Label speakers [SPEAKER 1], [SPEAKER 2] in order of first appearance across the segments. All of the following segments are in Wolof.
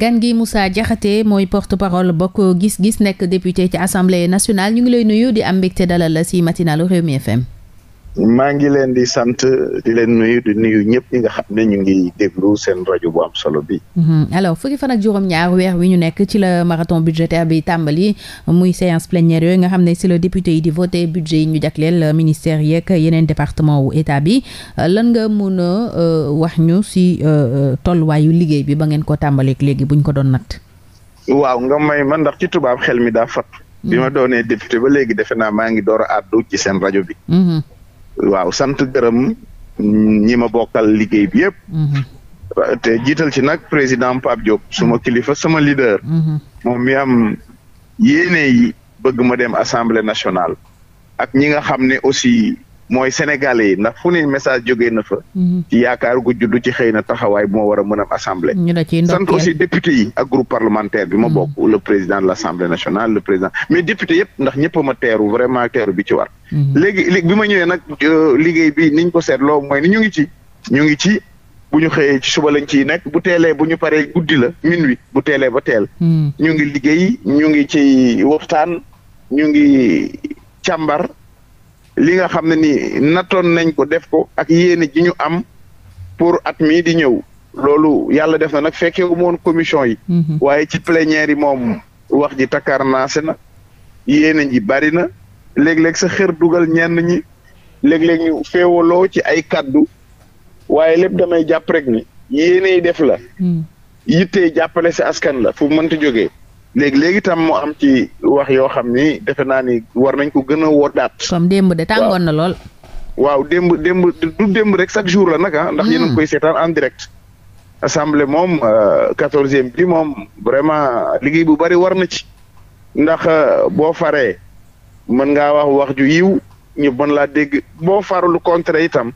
[SPEAKER 1] gan gi Moussa Diakhaté mooy porte-parole bokk gis-gis nekk député ci assemblée nationale ñu ngi lay nuyu di am mbégte dalal la ci matinalu mi FM
[SPEAKER 2] maa ngi leen di sant di leen nuyu ñëpp nga xam ne ñu ngi déglu seen rajo bo am solo bi.
[SPEAKER 1] Mhm. alors fukki fan ak juróom-ñaar weex wi ñu nekk ci la marathon budgétaire bi tàmbali muy séance plénière yooyu nga xam ne si la député yi di voté bu yi ñu jagleel ministère yeeg yeneen département wu état bi lan nga mun a euh, wax ñu si euh, tolluwaayu liggéey bi ba ngeen ko tàmbaleeg léegi buñ ko doon natt.
[SPEAKER 2] waaw nga may man ndax ci tubaab xel mi daa fat bi ma mhm. doonee député ba léegi defe naa maa ngi door a ci seen rajo bi. Mhm. waaw sant gërëm ñi ma bokkal liggéey bi yëpp. Mhm. te jiital ci nag président Pape Diop suma mhm. kilifa sama leader. Mhm. moom mi am yéene yi bëgg ma dem assemblée nationale. ak ñi nga xam aussi mooy sénégalais yi ndax fu ne message jógee na fa. Mhm. ci yaakaar gu juddu ci xëy na taxawaay bu ma war a mën a assemblée. sant aussi député yi ak groupe parlementaire bi ma mhm. bokk. le président de l' assemblée nationale le président mais député yëpp ndax ñëpp a ma teeru vraiment teeru bi ci war. Mhm. léegi léegi bi ma ñëwee na euh, liggéey bi niñ ko seetloo mooy ni ñu ngi ci. ngi ci bu ñu xëyee ci suba lañ ciy nekk bu teelee bu ñu paree guddi la minuit bu teelee ba teel. ñu ngi liggéey ñu ngi ci waxtaan ñu ngi càmbar. li nga xam ne nii nattoon nañ ko def ko ak yéene ji ñu am pour at mii di ñëw loolu yàlla def na nag fekkee wu moon commission yi. Mhm. waaye ci plénière yi moom wax ji takkaar naase na yéene ji bari na léeg sa xër dugal ñenn ñi léeg-léeg ñu féewaloo ci ay kaddu waaye lépp damay jàpp rek ni yéene yi def la. Mhm. yittee jàppale si askan la fu mënti joge léegi léegi tam mu am ci wax yoo xam ni defe naa ni war nañ ko gën a woodaat. comme démb de tàngoon na lool. waaw démb démb du démb rek chaque jour la nag ah. ndax yéen a ngi hmm. koy seetaan en direct. assemblée moom euh, quatorzième bi moom vraiment liggéey bu bari war na ci. ndax euh, boo faree mën ngaa wax wax ju yiw ñu mën laa dégg boo faru lu itam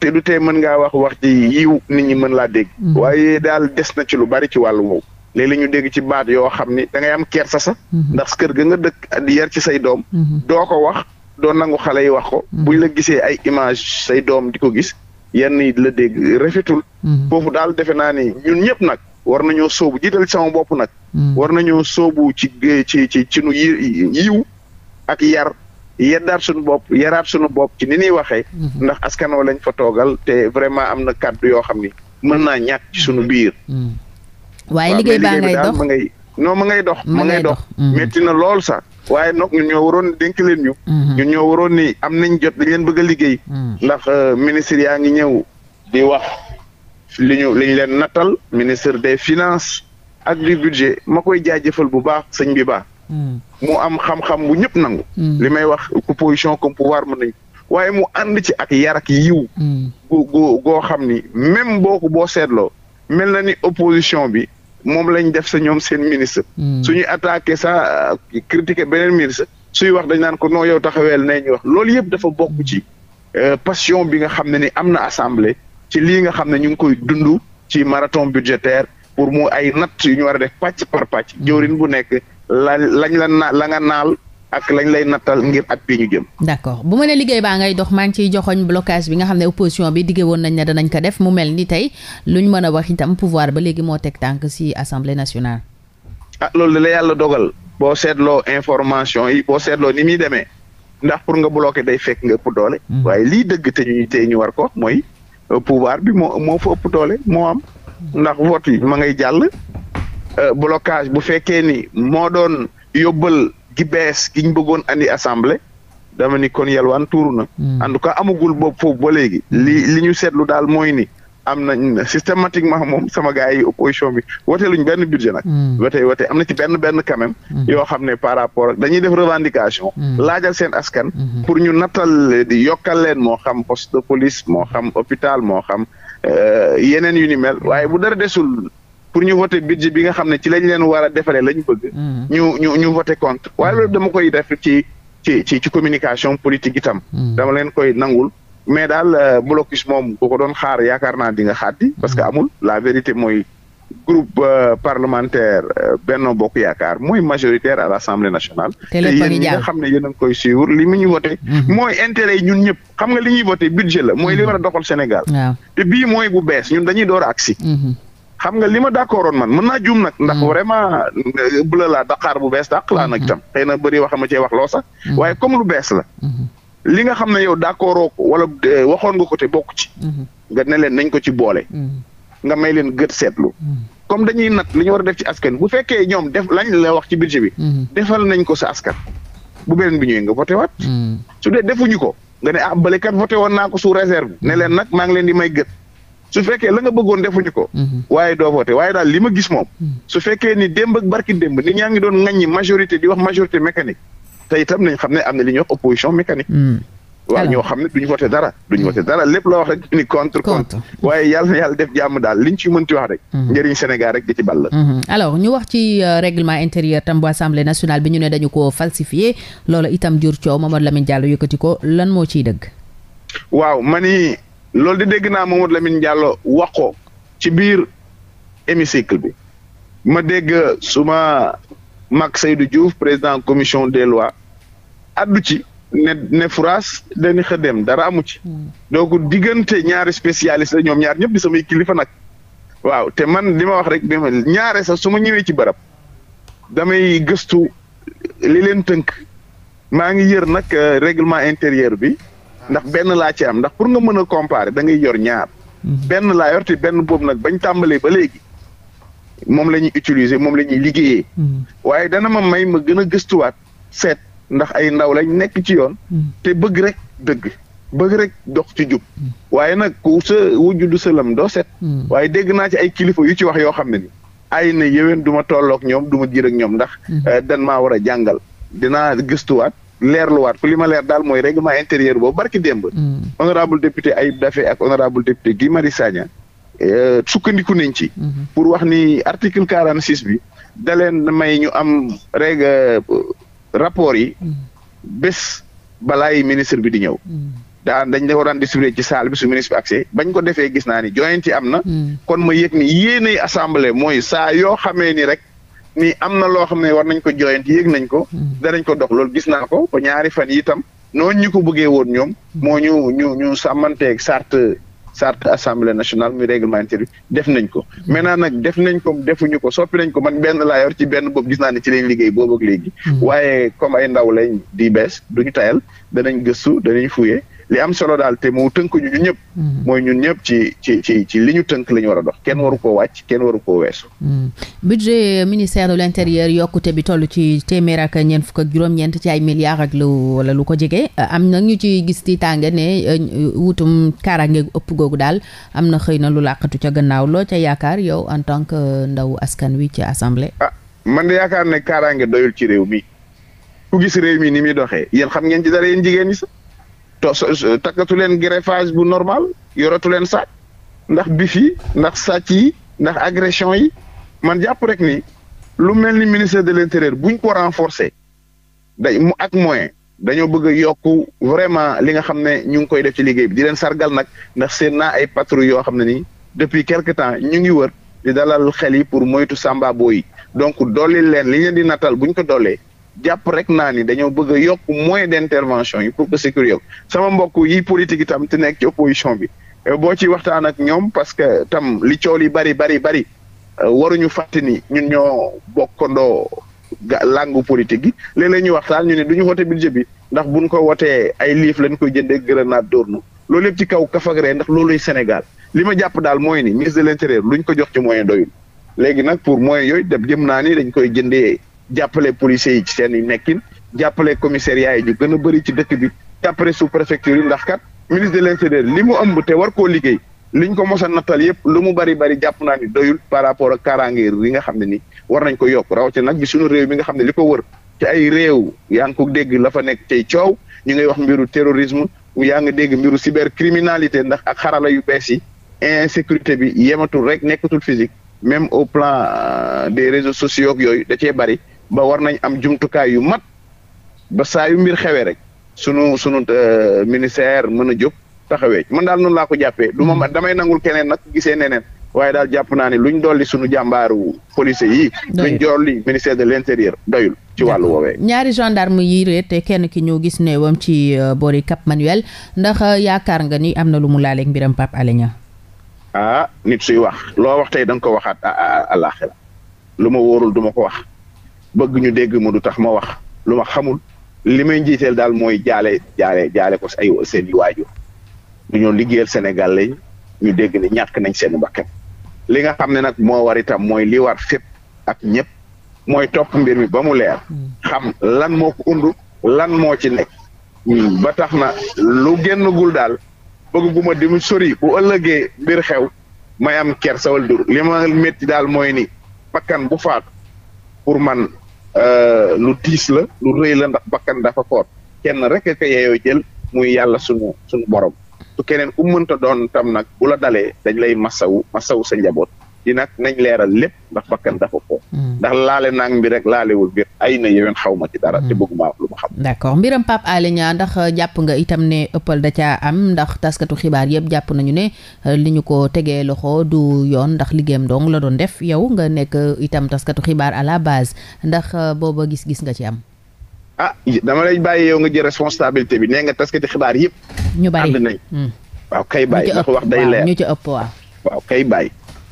[SPEAKER 2] te du tee mën ngaa wax wax ji yiw nit ñi mën laa dégg. Hmm. waaye daal des na ci lu bari ci wàllu woowu. léeg-léeg ñu dégg ci baat yoo xam ni da ngay am kersa sax mhm. ndax kër ga nga dëkk di yar ci say doom mhm. doo ko wax doo nangu xale yi wax ko mhm. buñ la gisee ay image say doom di ko gis yenn yi la dégg rafetul foofu daal defe naa ni ñun ñëpp nag war nañoo sóobu jiital sama bopp nag war nañoo sóobu ci ci ci ci nu yiw ak yar yeddaat suñu bopp yaraat sunu bopp ci ni ñuy waxee ndax askanoo lañ fa toogal te vraiment am na kàddu yoo xam ni mën naa ñàkk ci suñu biir
[SPEAKER 1] waaye liggéey baa ngay dox ma ngay
[SPEAKER 2] non ma ngay dox ma ngay dox métti mm. na lool sax waaye nag ñu ñoo waroon dénk leen ñu mm-hmm. ñu ñoo waroon ni am nañ jot dañ leen bëgg a liggéey mm. ndax euh, ministre yaa ngi ñëw di wax li ñu li leen nattal ministre des finance ak du budget ma koy jaajëfal bu baax sëñ bi baax mm. mu am xam-xam bu ñëpp nangu li may wax opposition comme pouvoir ma nañ waaye mu ànd ci ak yarak yiw goo xam ni même boo ko boo seetloo mel na ni opposition bi moom lañ def sa ñoom seen ministre. su hmm. suñuy attaqué sa euh, critiqué beneen ministre suy wax dañ naan ko non yow taxaweel nee ñu wax loolu yëpp dafa bokk ci euh, passion bi nga xam ne ni am na assemblée ci li nga xam ne ñu ngi koy dund ci marathon budgétaire pour mu ay nat yu ñu war a def pàcc par pàcc. Hmm. jëwrin bu nekk la lañ la na la nga naal. ak lañ lay nattal ngir at bi ñu jëm.
[SPEAKER 1] d'accord bu ma ne liggéey baa ngay dox maa ngi ciy joxoñ blocage bi nga xam ne opposition bi diggé woon nañ ne danañ ko def mu mel ni tey ñu mën a wax itam pouvoir ba léegi moo teg tànk ci assemblée nationale.
[SPEAKER 2] ah loolu de la yàlla dogal boo seetloo information yi boo seetloo ni muy demee ndax pour nga bloquer bay fekk nga ëpp doole. Mm-hmm. waaye lii dëgg te ñu tey ñu war ko mooy euh, pouvoir bi moo moo fa ëpp doole moo am. ndax vote yi ma ngay jàll. Euh, blocage bu fekkee ni moo doon gi bees gi ñu bëggoon andi assemblée dama ni kon yalwaan tuuru na. Hmm. en tout cas amagul boobu foofu ba léegi. Hmm. li li ñu seetlu daal mooy ni. am nañ systématiquement moom sama gars yi opposition bi wote luñ benn budget nag. wote hmm. wote am na ci benn benn quand même. yoo xam ne par rapport ak dañuy def revendication. laajal seen askan. pour ñu nattal di yokkal leen moo xam poste police moo xam hôpital moo xam euh, yeneen yu ni mel waaye bu dara desul pour ñu voter budget bi nga xam ne ci lañ leen war a defaree lañ bëgg. Mm-hmm. ñu ñu ñu voter contre waaye loolu dama koy def ci ci ci ci communication politique itam. Mm-hmm. dama leen koy nangul. mais daal euh, blocus moom ku ko doon xaar yaakaar naa di nga xaati parce que mm-hmm. amul la vérité mooy groupe euh, parlementaire euh, Benno Bokk Yaakaar mooy majoritaire à l'Assemblée nationale. te yéen ñi nga xam ne yéen a ngi koy suivre li mu ñu voté. mooy intérêt ñun ñëpp xam nga li ñuy voté budget la mooy li war Sénégal. te mooy bu bees ñun dañuy door a xam nga li ma d'accordoon man mën naa juum nag. ndax hmm. vraiment euh, bu la laa daqaar bu bees dàq laa nag hmm. itam xëy na bëri waxee ma cee wax loo sax. Hmm. waaye comme lu bees la. li nga xam ne yow d'accordoo ko wala euh, waxoon nga ko te bokk ci. nga ne leen nañ ko ci boole. nga may leen gët seetlu. comme dañuy nat li ñu war a def ci askan bu fekkee ñoom def lañ la wax ci budget bi. defal nañ ko sa askan. bu beneen bi ñëwee nga voté waat. su dee defuñu ko nga ne ah bële kat voté woon naa ko sous réserve ne leen nag maa ngi leen di may gët. su fekkee la nga bëggoon defuñu ko. Mhm. waaye doo voté waaye daal li ma gis moom. Mhm. su fekkee ni démb ak barki démb nit ñaa ngi doon ŋaññi majorité di wax majorité mécanique te itam nañ xam ne am na li ñuy wax opposition mécanique. Mhm. waaw ñoo xam ne duñu voté dara duñu voté dara lépp loo wax rek ni contre contre waaye yàlla na yàlla def jàmm daal liñ ci mënti wax rek njëriñ Sénégal rek di ci ball
[SPEAKER 1] alors ñu wax ci euh, règlement intérieur tam bu assemblée nationale bi ñu ne dañu ko falsifié loolu itam jur coow Mamadou Lamine Diallo yëkkati ko lan moo ciy dëgg
[SPEAKER 2] loolu di dégg naa Mamadou Lamine Diallo wax ko ci biir hémicycle bi ma dégg suma mag Seydou Diouf président commission des lois addu ci ne ne furaas dañu xëdem dara amu ci. Hmm. doogu diggante ñaari spécialiste la ñoom ñaar ñëpp di samay kilifa nag. waaw te man li ma wax rek bi ma ñaare sax su ma ñëwee ci barab damay gëstu li leen tënk maa ngi yër nag euh, règlement intérieur bi. ndax benn laa ci am ndax pour nga mën a comparer da ngay yor ñaar. Mhm. benn laa yor te benn boobu nag bañ tàmbalee ba léegi moom la ñuy utiliser moom la ñuy liggéeyee. Mhm. waaye dana ma may ma gën a gëstuwaat seet ndax ay ndaw lañ nekk ci yoon. Mhm. te bëgg rek dëgg. bëgg rek dox ci jub. waaye nag ku sa wu juddu sëlam doo set. waaye dégg naa ci ay kilifa yu ci wax yoo xam ne ni ay na yéwén du ma ñoom du ma jiir ak ñoom ndax. Eh, dan maa war a jàngal dinaa gëstuwaat. leerluwaat fu li ma leer daal mooy règlement intérieur boobu barki démb. Mm. honorable député Ayib Daffé ak honorable député Guy Marius Sagna euh, sukkandiku nañ ci. Mm-hmm. pour wax ni article quarante six bi da leen may ñu am reg euh, rapport yi. Mm. bés balaay ministre bi di ñëw. Mm. daan dañ ne waraan distribuer ci saal bi su ministre bi accès bañ ko defee gis naa ni joyante am na. kon ma yëg ni yéenay assemblée mooy saa yoo xamee ni rek. ni am na loo xam ne war nañ ko joyanti yéeg nañ ko. Hmm. danañ ko dox lool gis naa ko ba ñaari fan yi itam ñu ko bëggee woon ñoom. Hmm. moo ñu ñu ñu sàmmanteeg charte charte assemblée nationale muy règlement intérieur def nañ ko. Hmm. maintenant nag def nañ ko defuñu ko soppi nañ ko man benn laa ci benn boobu gis naa ne ci lay liggéey boobu ak léegi. waaye comme ay ndaw lañ di bees duñu tayal danañ gëstu danañ fuye li am solo daal te mu tënk ñu ñëpp. Mm-hmm. mooy ñun ñëpp ci ci ci ci li ñu tënk la ñu war a dox kenn waru koo wàcc kenn waru koo weesu.
[SPEAKER 1] Mm-hmm. budget ministère de l' intérieur yokkute bi toll ci téeméer ak ñeent fukk ak juróom-ñeent ci ay milliards ak lu wala lu ko jege am na ñu ci gis tiitaange ne euh, wutum kaaraange ëpp googu daal am na xëy na lu làqatu ca gannaaw loo ca yaakaar yow en tant que ndaw askan wi ci assemblée.
[SPEAKER 2] a ah, man de yaakaar ne kaaraange doyul ci réew mi ku gis takkatu leen greffage bu normal yoratu leen sàcc ndax bif yi ndax sàcc yi ndax agression yi man jàpp rek ni lu mel ni ministère de l'intérieur buñ ko renforcer day mu ak moyen dañoo bëgg a yokk vraiment li nga xam ne ñu ngi koy def ci liggéey bi di leen sargal nag ndax seen na ay patrouille yoo xam ne ni depuis quelque temps ñu ngi wër di dalal xel yi pour moytu sàmbaaboo yi donc dolli leen li ñu leen di natal buñ ko dollee jàpp rek naa ni dañoo bëgg a yokk moyen d'intervention yi pour que sécurité yokk sama mbokk yi politique itam te nekk ci opposition bi eh, boo ci waxtaan ak ñoom parce que tam li coow li bari bari bari eh, waruñu fàtte ni ñun ñoo bokkandoo langue politique yi léeg-léeg ñu waxtaan ñu ne du ñu wote budget bi ndax buñ ko wotee ay liif lañ koy jëndee grenade dóornu loolu yëpp ci kaw kafagre ndax looluy Sénégal li ma jàpp daal mooy ni ministre de l'intérieur luñ ko jox ci moyen doyul léegi nag pour moyen yooyu dem jëm naa ni dañ koy jëndee jàppale policier yi ci seen i nekkin jàppale commissariat yi ñu gën a bëri ci dëkk bi jàppale sous préfecture yi ndax kat ministre de l'intérieur li mu ëmb te war koo liggéey liñ ko mos a nattal yëpp lu mu bari bari jàpp naa ni doyul par rapport a kaaraange yi nga xam ne ni war nañ ko yokk rawatina nag bi suñu réew mi nga xam ne li ko wër te ay réew yaa ngi ko dégg la fa nekk tey coow ñu ngay wax mbiru terrorisme yaa ngi dégg mbiru cybercriminalité ndax ak xarala yu bees yi insécurité bi yematul rek nekkatul physique même au plan euh, des réseaux sociaux yooyu da cee bari ba war nañ am jumtukaay yu mat ba saa yu mbir xewee rek sunu sunu euh, ministère mën a jóg taxawee man daal noonu laa ko jàppee du mm-hmm. ma damay nangul keneen nag gisee neneen waaye daal jàpp naa ne luñ dolli sunu jàmbaaru police yi. luñ ministère de l'intérieur doyul ci wàllu woowee.
[SPEAKER 1] ñaari gendarme te kenn ki ñu gis ne wam ci euh, boori Cap Manuel ndax euh, yaakaar nga ni am na lu mu laaleeg mbiram Pape Alé Niang.
[SPEAKER 2] ah nit suy wax loo wax tey da nga ko waxaat ah, ah, ah, àllaaxira lu ma wóorul duma ko wax bëgg ñu dégg ma du tax ma wax lu ma xamul li may njiiteel daal mooy jaale jaale jaale ko ay seen i waajur du ñoo Sénégal lañ ñu dégg ne ñàkk nañ seen mbakkan li nga xam ne nag moo war itam mooy li war fépp ak ñëpp mooy topp mbir mi ba mu leer xam lan moo ko undu lan moo ci nekk ba tax na lu génnagul daal bëgguma di mu sori ëllëgee mbir xew may am ker sawal dur li ma métti daal mooy ni bakkan bu faatu pour man Euh, lu diis la lu rëy ndax bakkan dafa foor kenn rek ka yeeyoo jël muy yàlla sunu sunu borom su keneen ku mënta doon tam nag bu la dalee dañ lay masawu masawu sa njaboot ci nag nañ leeral lépp ndax bakkan dafa ko hmm. ndax laale naag mbi rek laalewul mbir ay na yeween xaw ma ci dara te hmm. bëgguma lu ma xam
[SPEAKER 1] d'accord mbiram Pape Alé Niang ndax jàpp nga itam ne ëppal da caa am ndax taskatu xibaar yëpp jàpp nañu ne euh, li ñu ko tegee loxo du yoon ndax liggéeyam dong la doon def yow nga nekk euh, itam taskatu xibaar àlla base ndax euh, booba gis-gis nga ci am
[SPEAKER 2] ah dama lay bàyyi yow nga jël responsabilité bi nee nga taskati xibaar yëpp ñu bàyyi ànd nañ hmm. waaw ci ëpp waaw waaw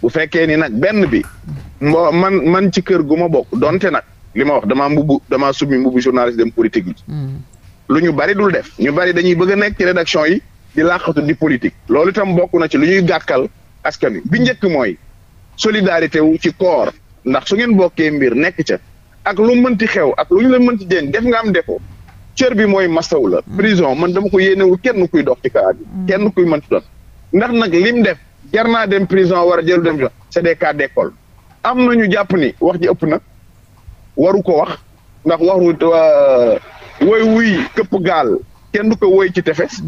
[SPEAKER 2] bu fekkee ni nag benn bi mbo man man ci kër gu ma bokk donte nag li ma wax damaa mbubu damaa summi mbubu journaliste dem politique bi hmm. lu ñu bari dul def ñu bari dañuy bëgg a nekk ci rédaction yi di làqatu di politique loolu itam bokk na ci lu ñuy gàkkal askan wi bi njëkk mooy solidarité wu ci koor ndax su ngeen bokkee mbir nekk ca ak lu mënti xew ak lu ñu la mënti dénk def nga am defoo cër bi mooy masaw la hmm. prison man dama ko yéenewul kenn kuy dox ci kaa bi hmm. kenn kuy mënti dox ndax nag lim def jar naa dem prison war a jël dem c'est des cas d'école am na ñu jàpp ni wax ji ëpp na waru ko wax ndax waru euh, woy wuy këpp gaal kenn du ko woy ci tefes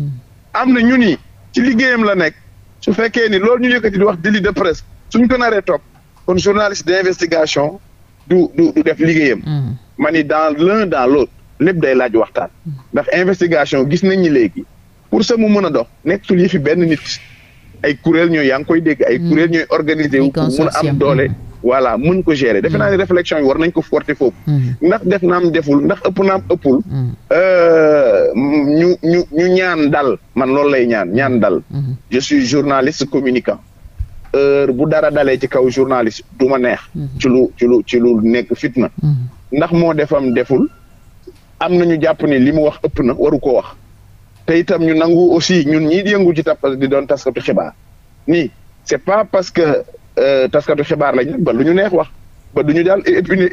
[SPEAKER 2] am na ñu ni ci liggéeyam la nekk su fekkee ni loolu ñu yëkkati di wax délit de presse suñ ko naree topp kon journaliste d'investigation du du def liggéeyam. Mm-hmm. mani ni dans l'un dans l'autre lépp day laaj waxtaan. Mm-hmm. ndax investigation gis nañ ñi léegi pour sa mu mën a dox nekkatul yi fi benn nit. ay kuréel ñooy yaa ngi koy dégg ay mm. kuréel ñooy organiser wu pour mun am doole mm. voilà mun ko gérer defe naa ne mm. réflexion yi war nañ ko forte foofu ndax def naam deful ndax ëpp naam ëppul euh, ñu ñu ñu ñaan dal man loolu lay ñaan ñaan dal mm-hmm. je suis journaliste bu dara dalee ci kaw journaliste ma neex mm-hmm. ci lu ci lu ci lu nekk fitna mm-hmm. ndax moo defam deful am nañu jàpp ni li mu wax ëpp na waru ko wax te itam ñu nangu aussi ñun ñii di yëngu ci tappa di doon taskatu xibaar nii c'est pas parce que euh, taskatu xibaar lañ ba lu ñu neex wax ba du ñu daal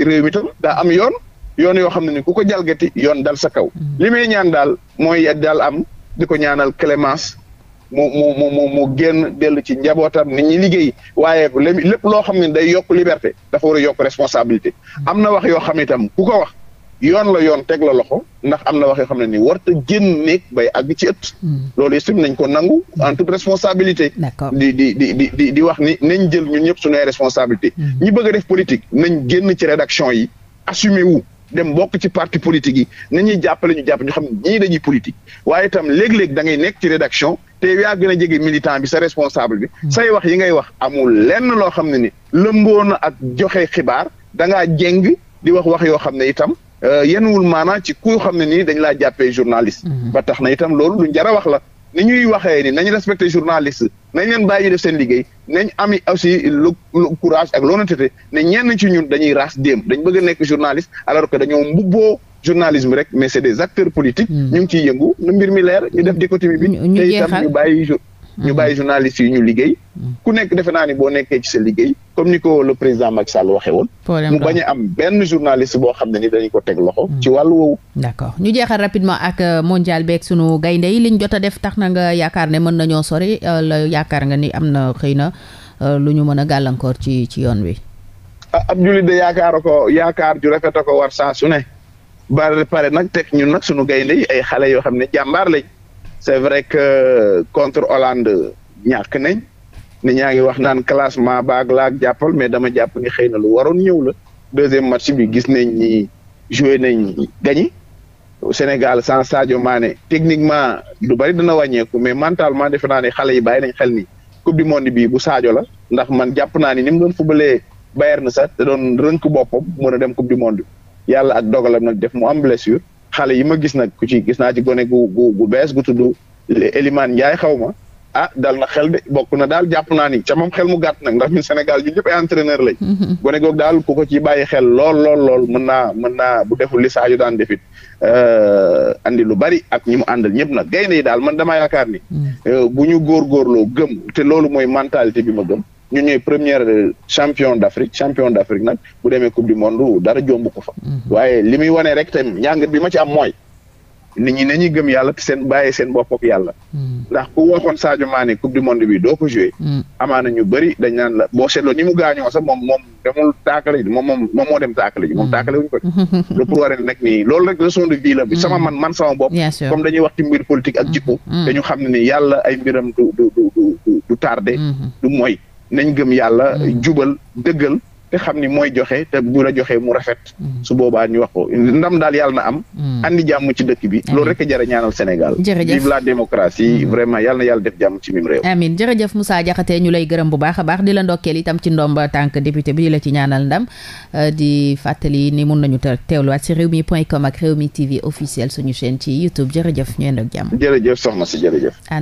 [SPEAKER 2] réew mi tam daa am yoon yoon yoo xam ne ni ku ko jalgati yoon dal sa kaw. Mm. li may ñaan daal mooy daal am di ko ñaanal clemence mu mu mu mu génn dellu ci njabootam nit ñi liggéey waaye lépp loo xam ne day yokk liberté dafa war yokk responsabilité mm. am na wax yoo xam itam ku ko wax. yoon la yoon teg la loxo ndax am na wax yoo xam ne ni warta génn néeg bay àgg ci ëtt hmm. loolu yëpp nañ ko nangu en toute responsabilité di di di di di wax ni nañ jël ñun ñëpp suñuy responsabilité hmm. ñi bëgg def politique nañ génn ci rédaction yi assumé wu dem bokk ci parti politique yi nañuy jàppale ñu jàpp ñu xam ñii dañuy politique waaye itam léeg-léeg dangay nekk ci rédaction te yaa gën a jege militant bi sa responsable bi hmm. say wax yi ngay wax amul lenn loo xam ne ni lëmboo na ak joxe xibaar da ngaa jéng di wax wax yoo xam ne itam Euh, yenwul maana ci ku xam ne nii dañ laa jàppee journaliste. Mhm. ba tax na itam loolu lu njara wax la ni ñuy waxee ni nañ respecté journaliste nañ leen bàyyi def seen liggéey nañ ami aussi le courage ak l'honnêteté ne ñenn ci ñun dañuy ras déem dañ bëgg nekk journaliste alors que dañoo mbubboo journalisme rek mais c'est des acteurs politiques. Mhm. ñu ngi ciy yëngu na mbir mi leer ñu def dichotomie bi. ñu jeexal te itam ñu bàyyi ñu bàyyi mhm. journaliste yi ñu liggéey. Mhm. ku nekk defe naa ni boo nekkee ci sa liggéey. comme ni ko le président Macky Sall waxee woon. mu bañ a am benn journaliste boo xam ne ni dañu ko teg loxo. Mhm. ci wàllu woowu. d' accord
[SPEAKER 1] ñu jeexal rapidement ak euh, mondial beek sunu gaynde yi liñ jot a def tax na nga yaakaar ne mën nañoo sori euh, la yaakaar nga ni am na xëy na euh, lu ñu mën a gàllankoor ci ci yoon wi.
[SPEAKER 2] Ah, ab jullit de yaakaar ko yaakaar ju rafet a ko war saa su ne. ba pare nag teg ñun nag sunu gaynde yi xale yoo xam ne jàmbaar lañ. c'est vrai que contre Hollande ñàkk nañ ni ñaa ngi wax naan classement baag laag jàppal mais dama jàpp ni xëy na lu waroon ñëw la deuxième match bi gis nañ ni joué nañ gagné Sénégal sans Sadio Mané techniquement du bari dana wàññeeku mais mantalement defe naa ne xale yi bàyyi nañ xel ni coupe du monde bii bu Sadio la ndax man jàpp naa ni ni mu ba fubalee Bayern sax da doon rënk boppam mën a dem coupe du monde yàlla ak dogalam nag def mu am blessure xale yi ma gis nag ku ci gis naa ci gone gu gu gu bees gu tudd Elimane Ndiaye xaw ma ah dal na xel de bokk na daal jàpp naa ni ca moom xel mu gàtt nag ndax ñun Sénégal ñun ñëpp ay entraîneur lañ. Mm-hmm. gone googu daal ku ko ci bàyyi xel lool lool lool mën naa mën naa bu deful li Sadio daan defit euh, andi lu bari ak ñi mu àndal ñëpp nag gaynde yi daal man dama yaakaar ni. Mm. Euh, bu ñu góorgóorloo gëm te loolu mooy mentalité bi ma gëm. ñu ñooy première champion d'Afrique champion d'Afrique nag bu demee coupe du monde dara jomb ko fa. Mhm. waaye li muy wane rek tam ñàngat bi ma ci am mooy. nit ñi nañuy gëm yàlla te seen bàyyi seen bopp yàlla. Mhm. ndax ku waxoon Sadio Mané coupe du monde bi doo ko joué. Mhm. amaana ñu bëri dañ naan la boo seetloo ni mu gaañoo sax moom moom demul taakale ji moom moom moo dem taakale ji moom taakale wuñ ko. lu pour waree nag nii loolu rek leçon de vie la man man sama bopp. comme dañuy wax ci mbir politique ak jikko. te ñu xam ne yàlla ay mbiram du du du du nañ gëm yàlla hmm. jubal dëggal te xam ni mooy joxe te bu la joxee mu rafet hmm. su boobaa ñu wax ko ndam daal yàlla na am hmm. andi jàmm ci dëkk bi loolu rek a jërë ñaanal Sénégal jërëjëf vive la démocratie vraiment yàlla na yàlla def jàmm ci mim réew
[SPEAKER 1] amin jërëjëf Moussa Diakhaté ñu lay gërëm bu baax a baax di la ndokkeel itam ci ndomba tànk député bi di la ci ñaanal ndam euh, di fàttali ni mun nañu teewluwaat si réew mi point com ak réew mi TV officiel suñu chaîne ci YouTube jërëjëf ñu yendoo ak jàmm
[SPEAKER 2] jërëjëf soxna si jërëjëf